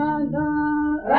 Allah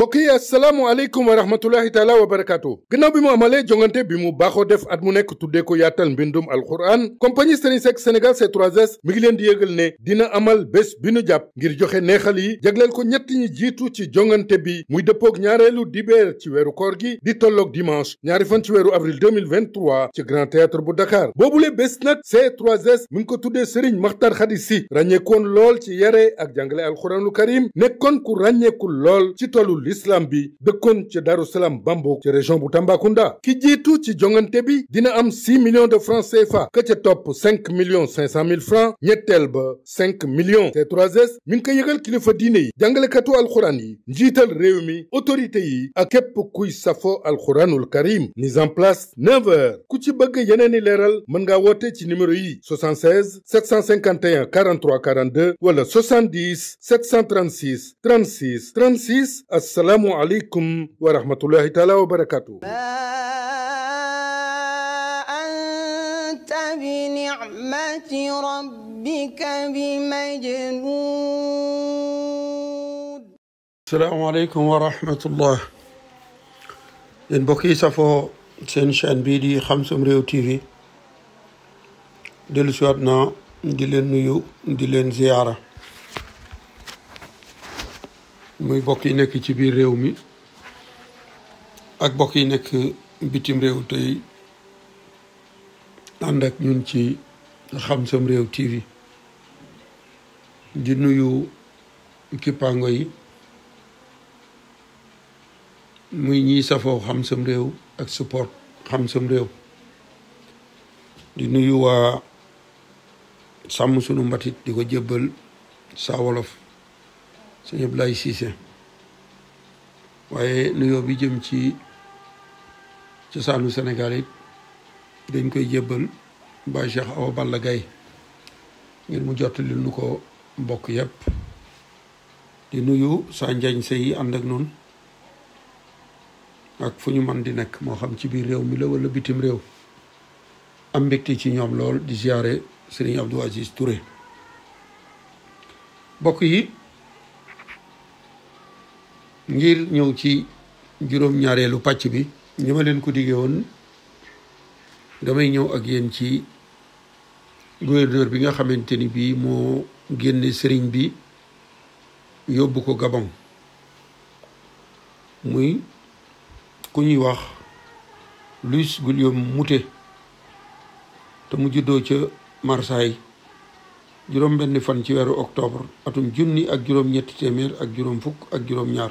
Mokki Assalamu alaykum wa rahmatullahi taala wa barakatuh. gannaaw bi mu amale jongante bi mu baxo def at mu nek tuddé ko yatal mbindum alquran compagnie Serigne Seck Sénégal 3 s mi ngi len di yeugal ne dina amal bes bi jap jàpp ngir joxé neexal yi jagleel ko ñett ñi jitu ci jongante bi muy dëppoog ñaarelu dibeer ci wéru koor gi di tollok dimanche ñaari fan ci wéru avril 2023 ci grand théâtre bu Dakar boobule bes nak c'est 3 s mi ngi ko tuddé Serigne Makhtar Khady ragné kon lol ci yare ak jàngale alquranul karim nekkon ku ku lol ci tollu l'islam bi dëkkoon ci Daaru Salaam Bambouk ca région bu Tambacounda ki jiitu ci jongante bi dina am 6 million de francs CFA ka ca topp 5 millions 500 mille francs ñetteel ba 5 millions c 3 mi ngi ko yëgal kilifa diine yi jàngalekatu alxuraan yi njiital réew mi autorité yi ak képp kuy safo alxuraanul karim mise en place 9 heures ku ci bëgg yeneen i leeral mën ngaa woote ci numéro yi 76 751 43 42 wala 70 736 36 36 ak السلام عليكم ورحمة الله تعالى وبركاته ما أنت بنعمة ربك بمجنود السلام عليكم ورحمة الله إن بكي سفو سنشان بي دي خمس مريو تي في دل سواتنا دلن نيو دلن زيارة muy bokk yi nekk ci biir réew mi ak bokk yi nekk bitim réew tey ànd ak ñun ci xam sam réew TV di nuyu kippaango yi muy ñiy safoo xam sam réew ak support xam sam réew di nuyu waa sàmm sunu mbatit di ko jébbal sa wolof sëñ Ablaye Cissé waaye nuyoo bi jëm ci cosaanu Sénégal it dañ koy jébbal Baye Cheikh Awa Balla Gaye ngir mu jottali nu ko bokk yépp di nuyu saa njañ sa yi ànd ak noonu ak fu ñu mën di nekk moo xam ci biir réew mi la wala bitim réew am mbégte ci ñoom lool di ziare Serigne Abdou Aziz Touré mbokk yi ngir ñew ci juróom-ñaareelu pàcc bi ni ma leen ko digee woon damay ñëw ak yéen ci gouverneur bi nga xamante ni bii moo sëriñ bi yóbbu ko gabon muy ku ñuy wax Luis guliom mute te mu juddoo ca Marseille juróom benn fan ci weeru octobre atum junni ak juróom ñetti téeméer ak juróom fukk ak juróom ñaar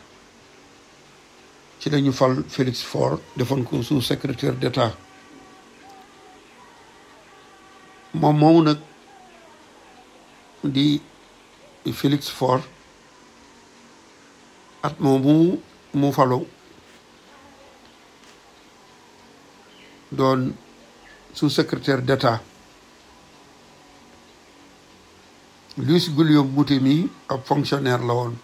ci la ñu fal Félix Faure defoon ko sous secrétaire d'État moom moomu nag di Félix Faure at moomu mu falo doon sous secrétaire d'État Louis Guillaume Mouty mi ab fonctionnaire la woon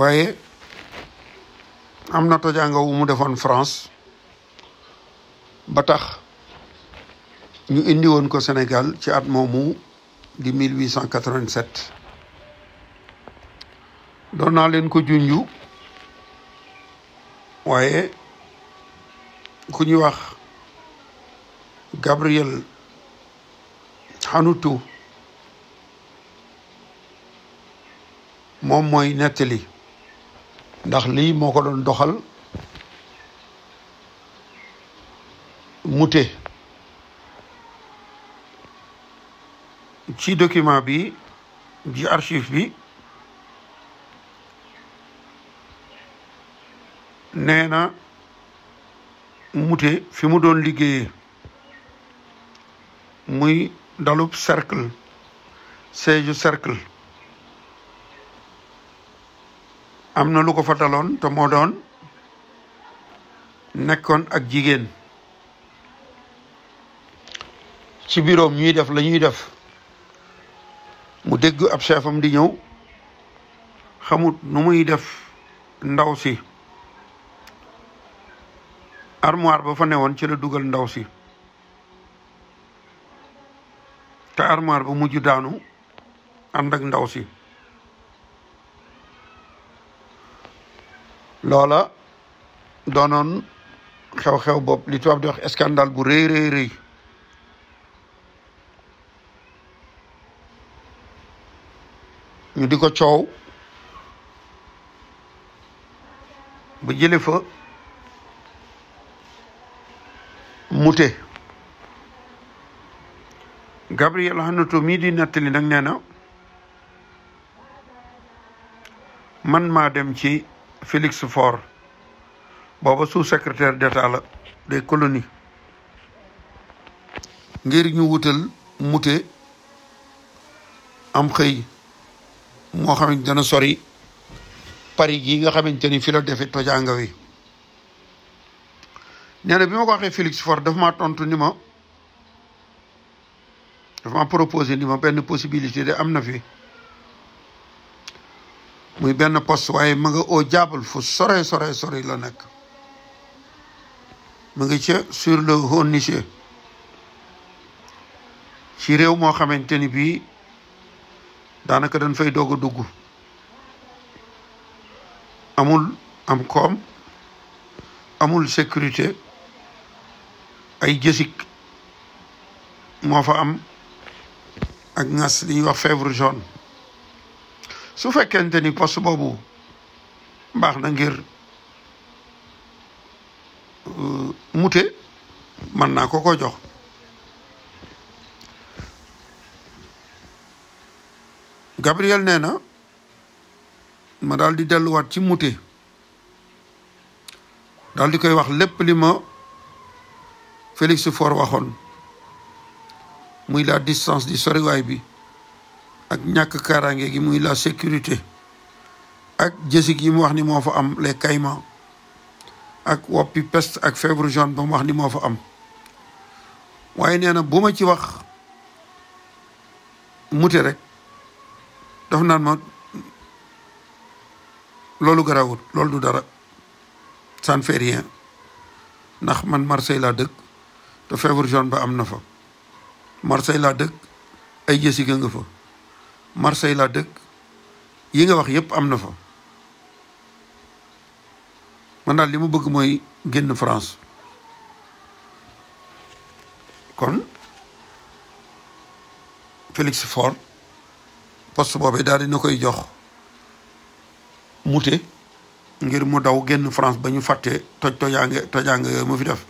waaye am na tojanga wu mu defoon France ba tax ñu indi woon ko Sénégal ci at moomu di 1887 doon na leen ko junju waaye ku ñuy wax Gabriel xanutu moom mooy nettali ndax lii moo ko doon doxal mute ci document bi ci archive bi nee na mute fi mu doon liggéeyee muy dalub cercle seeju cercle am na lu ko fa daloon te moo doon nekkoon ak jigéen ci biroom ñuy def la ñuy def mu dégg ab chefam di ñëw xamut nu muy def ndaw si armoire ba fa newoon ci la dugal ndaw si te armoire ba mujj daanu ànd ak ndaw si loola doonoon xew-xew bopp li tubaab di wax scandale bu rëy rëy ñu di ko coow bu jële fa muté Gabriel Hanato mii di nettali nag nee na man maa dem ci Félix Faure booba sous-secrétaire d'État la des colonies ngir ñu wutal mute am xëy moo xamante dana sori Paris gi nga xamante ni fi la defe tojaanga wi nee bi ma ko waxee Félix Faure dafa ma tontu ni ma dafa ma proposé ni benn possibilité de am na fi muy benn post waaye ma nga au diable fu sore sore sore la nekk ma nga ca sur le haut ci réew moo xamante ni bii daanaka dañ fay dog a dugg amul am koom amul sécurité ay jësik moo fa am ak ngas li ñuy wax fièvre jaune su fekkente ni poste boobu baax na ngir euh, mute mën naa ko ko jox Gabriel nee na ma daal di delluwaat ci mute daal di koy wax lépp li ma Félix Faure waxoon muy la distance di soriwaay bi ak ñàkk kaaraange gi muy la sécurité ak jësig yi mu wax ni moo fa am les caïmans ak woppi peste ak fièvre jaune ba mu wax ni moo fa am waaye nee na bu ma ci wax mute rek daf naan ma loolu garawut loolu du dara ça ne ndax man Marseille laa dëkk te fièvre jaune ba am na fa Marseille laa dëkk ay jësiga nga fa Marseille laa dëkk yi nga wax yépp am na fa man daal li mu bëgg mooy génn France kon Félix Faure poste boobee daal dina koy jox mute ngir mu daw génn France ba ñu fàtte toj tojaange tojaange yooyu mu fi def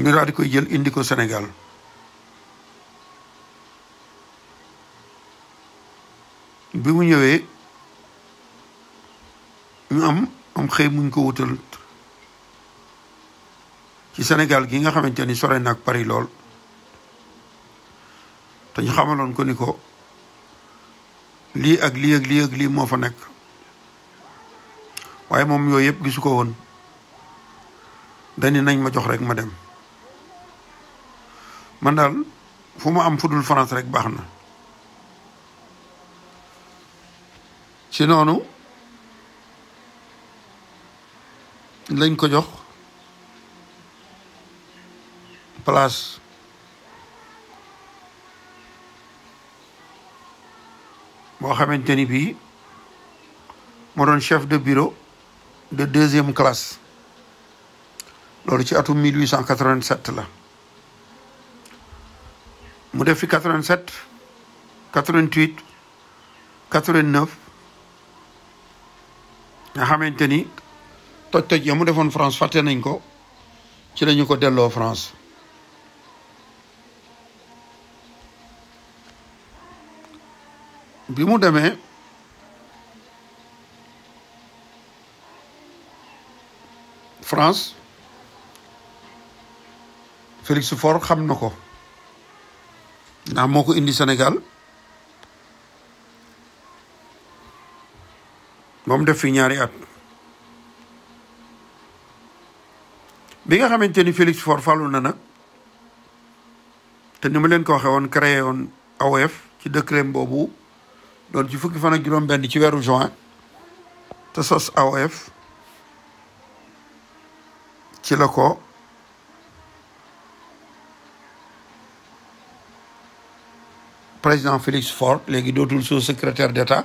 ñu daal di koy jël indi ko senegal bi mu ñëwee ñu am am xëy muñ ko wutal ci senegal gi nga xamante ni sore naag Paris lool te ñu xamaloon ko ni ko lii ak lii ak lii moo fa nekk waaye moom yooyu yëpp gisu ko woon dañu nañ ma jox rek ma dem man daal fu ma am fudul France rek baax na ci noonu lañ ko jox place boo xamante ni bii moo doon chef de bureau de deuxième classe loolu ci atum 1887 la mu def fi 87 88 89 nga xamanteni toj-toj ya mu France faté nañ ko ci lañu ko dello France bi mu demé France Félix Faure xam na ko ndax moo ko indi Sénégal moom def fi ñaari at bi nga xamante ni Félix Faure fàllu na nag te ni ma leen ko waxee woon créé woon awf ci décret boobu doon ci fukki fan ak juróom-benn ci weeru juin te sos awf ci la ko président Félix Faure léegi dootul sous secrétaire d'État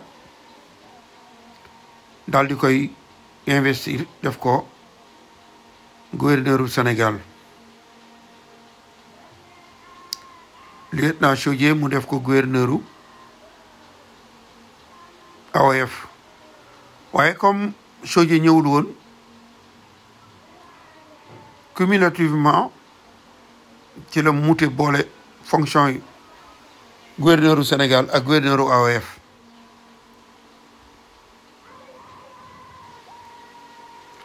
daal di koy investir def ko gouverneur du Sénégal lieutenant Chaudié mu def ko gouverneur u AOF waaye comme Chaudié ñëwul woon cumulativement ci la muté boole fonction yi gouverneur u Sénégal ak gouverneur AWF. AOF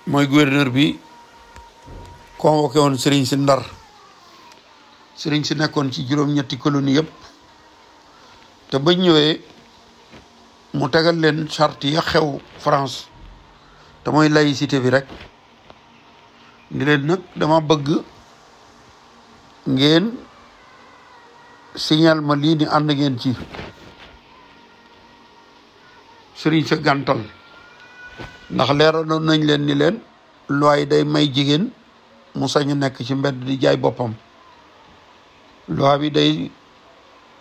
mooy gouverneur bi convoqué woon serigne si Ndar sëriñ si nekkoon ci juroom ñetti colonie yépp te ba ñëwé mu tégal leen charte ya xew France te moy laïcité bi rek ni leen nak dama bëgg ngeen signal ma lii ni ànd ngeen ci sëriñ sa gàntal ndax leeraloon nañ leen ni leen looy day may jigéen mu sañu nekk ci mbedd di jaay boppam loi bi day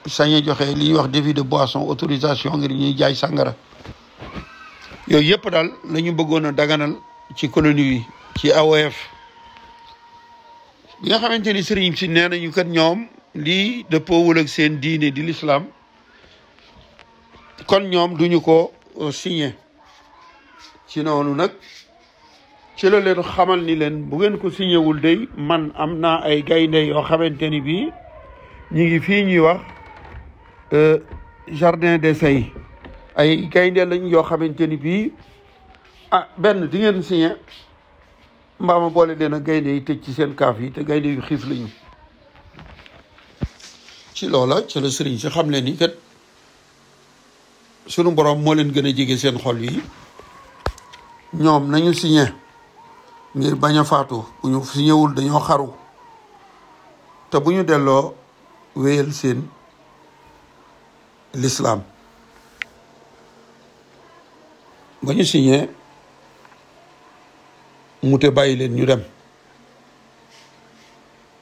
saña joxe li wax débit de boisson autorisation ngir ñuy jaay sàngara yooyu yëpp daal la ñu bëggoon a daganal ci colonie yi ci AOF bi nga xamante ni sëriñ si nee nañu kat ñoom lii dëppoowul ak seen diine di l'islam kon ñoom duñu ko euh, signé ci noonu nag ci la leen xamal ni leen buggeen ko signé wul day man am naa ay gaynde yoo xamante ni bii ñu ngi fii ñuy wax euh, jardin des say ay gaynde lañ yoo xamante ni bii ah benn di ngeen signé mbaama boole leen ak gaynde yi te ci seen kaaf yi te gaynde yu xiif lañu ci loola ci la sëriñ si xam leen ni kat sunu borom moo leen gën a jege seen xol yi ñoom nañu signé ngir bañ a faatu bu ñu signéwul dañoo xaru te bu ñu delloo wéyal seen lislaam ba ñu signé mu te bàyyi leen ñu dem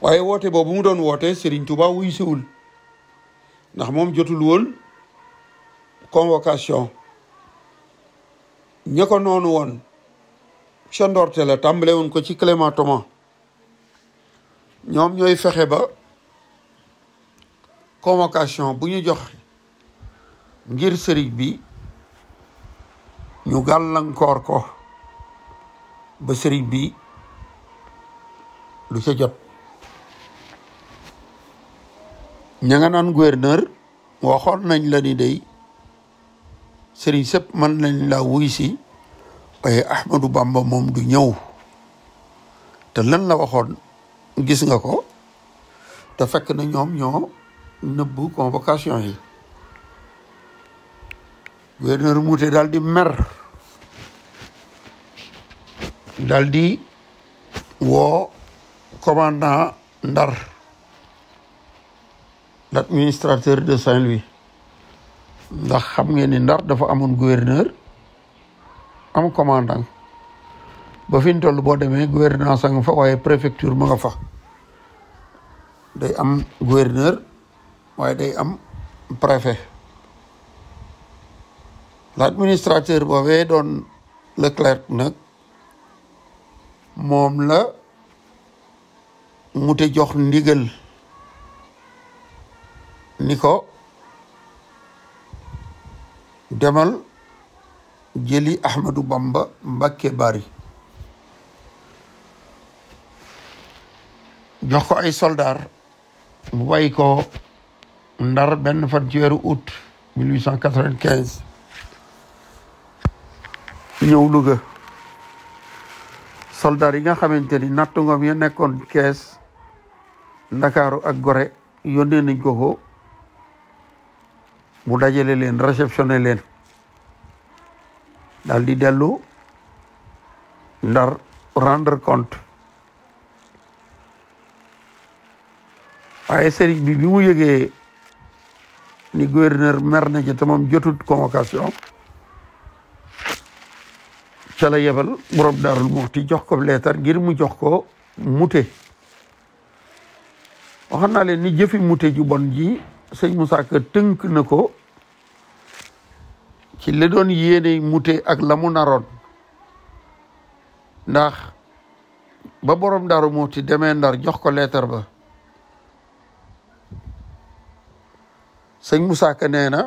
waaye woote boobu mu doon woote Serigne Touba wuy siwul ndax moom jotul woon convocation ña ko noonu woon ca ndorte la ko ci Clément Thomas ñoom ñooy fexe ba convocation bu ñu jox ngir sëriñ bi ñu gàllankoor ko ba sëriñ bi lu ca jot ña nga naan gouverneur waxoon nañ la ni day sëriñ sëpp man nañ la wuy si waaye Ahmadou Bamba moom du ñëw te lan la waxoon gis nga ko te fekk na ñoom ñoo nëbbu convocation yi gouverneur Mouté daal di mer daldi di woo commandant Ndar l'administrateur de Saint-Louis ndax xam ngeen ni Ndar dafa amoon gouverneur am commandant ba fi ñu toll boo demee gouvernance nga fa waaye préfecture mu nga fa day am gouverneur waaye day am préfet l'administrateur boobee doon Leclerc nag moom la mu jox ndigal ni ko demal jëli Ahmadu Bamba Mbàkke Bari jox ko ay soldaar mu bàyyi ko Ndar benn fan ci weeru août ñëw Louga soldaar yi nga xamante ni nattu ngoom ya nekkoon Kees Ndakaaru ak Gore yónnee nañ ko ko mu dajale leen réceptionné leen daal di dellu ndar rendre compte waaye sëriñ bi bi mu yëgee ni gouverneur mer na ci te moom jotut convocation ca la yebal borom daarul muxti jox ko leetar ngir mu jox ko mute waxoon naa leen ni jëfi mute ju bon ji sëñ mu Ka tënk na ko ci la doon yéene mute ak la mu naroon ndax ba borom Daaru Muxti demee Ndar jox ko leetar ba sëñ mu Ka nee na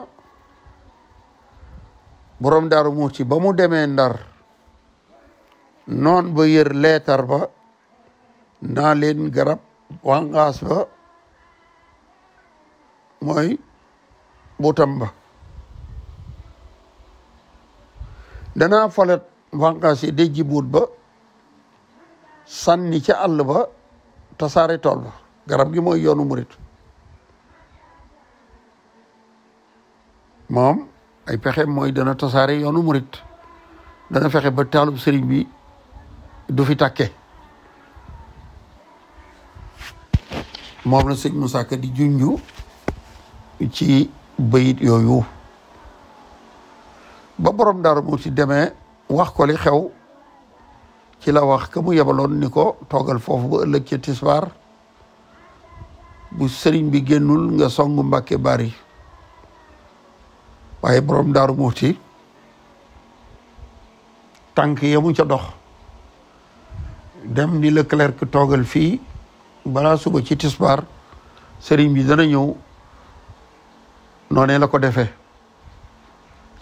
borom Daaru Muxti ba mu demee Ndar noon ba yër leetar ba naa leen garab wàngaas ba mooy butam ba danaa folet bànqaas yi dejji buut ba sànni ca àll ba tasaare tool ba garab gi mooy yoonu murit moom ay pexe mooy dana tasaare yoonu murit dana fexe ba taalub sëriñ bi du fi tàkke moom na sëñ mu Ka di junju ci bayit yooyu ba borom daaru mu deme wax ko li xew ci la wax ka mu yebaloon ni ko toogal foofu ba ëllëg ca tisbaar bu sëriñ bi génnul nga songu mbàkke bari waaye borom daaru muuti tànk yemu ca dox dem ni Leclerc toogal fii balaa suba ci tisbaar sëriñ bi dana ñëw noonee la ko defe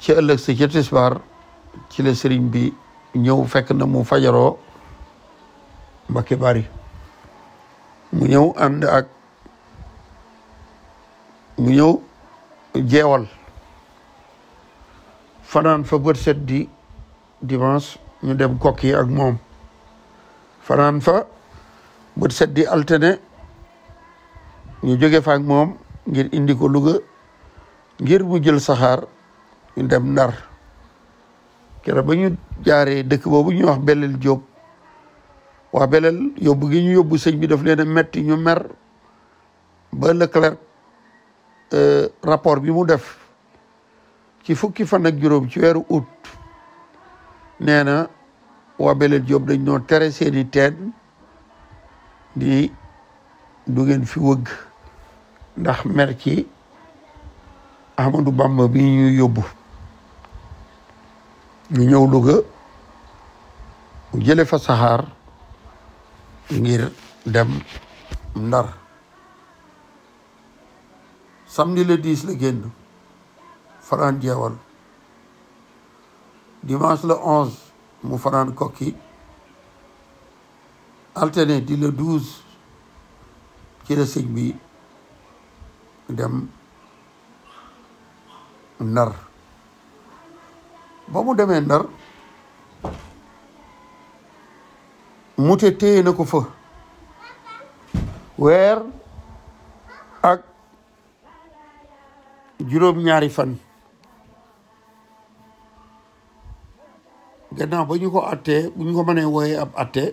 ci ëllëg si ci tisbaar ci la sëriñ bi ñëw fekk na mu fajaroo Mbakke Bari mu ñëw ànd ak mu ñëw jeewal fanaan fa bët set di ñu dem kokki ak moom fanaan fa bët set di altine ñu jóge fa ak moom ngir indi ko Louga ngir mu jël saxaar ñu dem ndar keroog ba ñu jaaree dëkk boobu ñu wax Belel Jóob waa Belel yóbbu gi ñu yóbbu sëñ bi daf leen metti ñu mer ba Leclerc euh, rapport bi mu def ci fukki fan ak juróom ci weeru août nee na waa Belel Jóob dañ noo tere seeni teen di du ngeen fi wëgg ndax mer ci amadou bamba bi ñu yobbu ñu ñew duga jele fa sahar ngir dem ndar samedi le 10 le genn faran jewal dimanche le 11 mu faran koki alterné di le 12 ci le bi dem ndar ba mu demee ndar mute téye na ko fa weer ak juróom-ñaari fan gannaaw ba ñu ko attee bu ñu ko mënee wooyee ab atte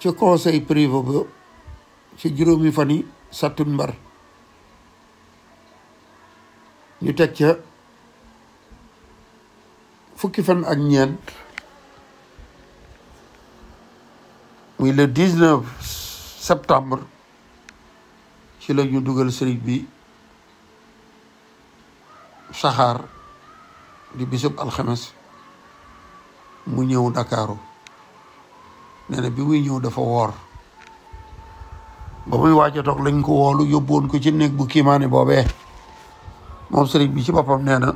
ci conseil privé ba ci juróomi fan yi sattumbar ñu teg ca fukki fan ak ñeent muy le 19 septembre ci la ñu dugal sëriñ bi saxaar di bisub alxames mu ñëw Ndakaaru nee bi muy ñëw dafa woor ba muy waaj a toog lañ ko woolu yóbbuwoon ko ci néeg bu kiimaane boobee mom serigne bi ci bopam neena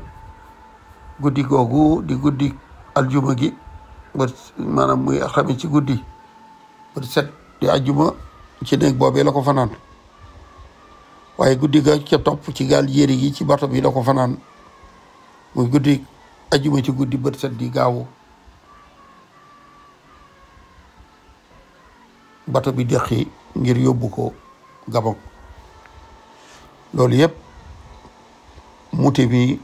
guddii gogu di guddii aljuma gi ba manam muy xame ci guddii ba set di aljuma ci néeg bobé lako fanan waye guddii ga ci top ci gal yeri gi ci bato bi lako fanan muy guddii aljuma ci guddii ba set di gaawu bato bi dexi ngir yóbbu ko Gabon loolu mute bi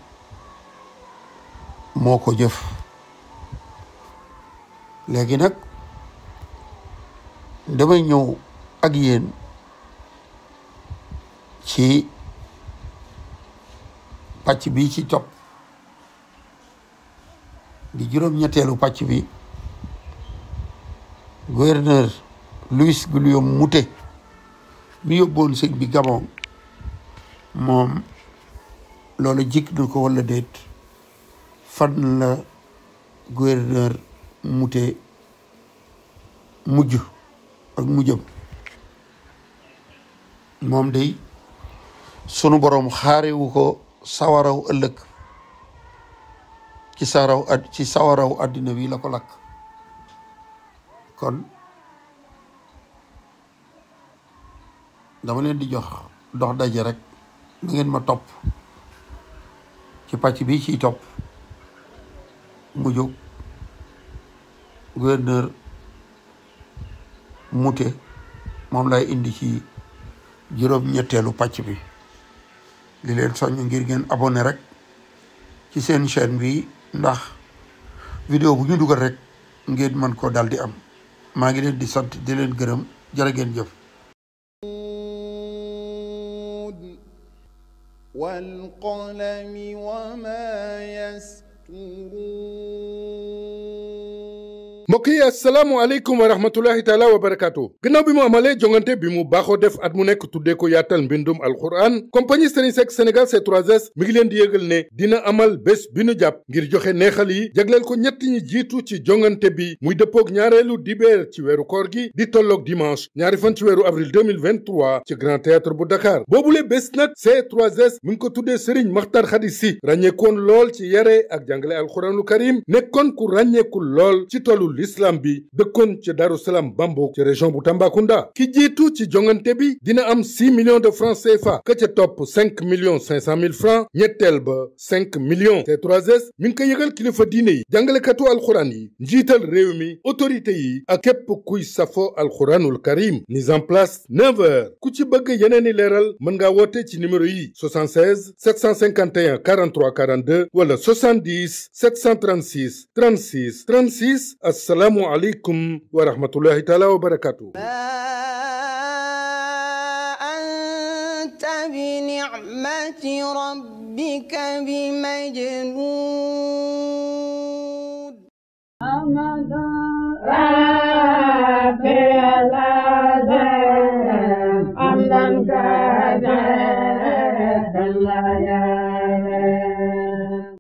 moo ko jëf léegi nag damay ñëw ak yéen ci pàcc bi ci topp di juróom-ñetteelu pàcc bi gouverneur Louis Guillaume Moutet mi yóbboon sëñ bi Gabon moom loolu jik na ko wala déet fan la gouverneur Mouté mujj ak mujjam moom day sunu boroom xaarewu ko sawaraw ëllëg ci sawaraw ad ci sawaraw àddina wi la ko lakk kon dama leen di jox dox daje rek na ngeen ma topp ci pàcc bi ciy topp mu jóg gouverneur Mouté moom lay indi ci juróom-ñetteelu pàcc bi li leen soññ ngir ngeen abonné rek ci seen chaîne bi ndax vidéo bu ñu dugal rek ngeen mën ko dal di am maa ngi leen di sant di leen gërëm jërë ngeen jëf والقلم وما يسترون mbokk assalamu alaykum wa rahmatullahi taala wa barakatuh. gannaaw bi mu amale jongante bi mu baxo def at mu nek tuddé ko yatal bindum alquran compagnie Serigne Seck Sénégal C3S mi ngi len di yeugal ne dina amal bes bi nu jàpp ngir joxé neexal yi jagleel ko ñett ñi jitu ci jongante bi muy nyarelu ñaarelu dibeer ci wéru koor gi di tollok dimanche ñaari fan ci wéru avril 2023 ci grand théâtre bu Dakar boobule bes nak C3S mi ngi ko tuddé Serigne Makhtar Khady ragné kon lool ci yéré ak jàngale alquranul karim nekkon ku ku lool ci tollu lislaam bi dëkkoon ca Daaru Salaam Bambo ca région bu Tambacounda ki jiitu ci jongante bi dina am 6 million de francs CFA ka ca topp 5 millions 500 mille francs ñetteel ba 5 millions c 3 mi ngi ko yëgal kilifa diine yi jàngalekatu alxuraan yi njiital réew mi autorité yi ak képp kuy safo alxuraanul karim mise en place 9 ku ci bëgg yeneeni leeral mën ngaa woote ci numéro yi 76 751 43 42 wala 70 736 36 36 السلام عليكم ورحمة الله تعالى وبركاته ما أنت بنعمة ربك بمجنود بمجنون حمدا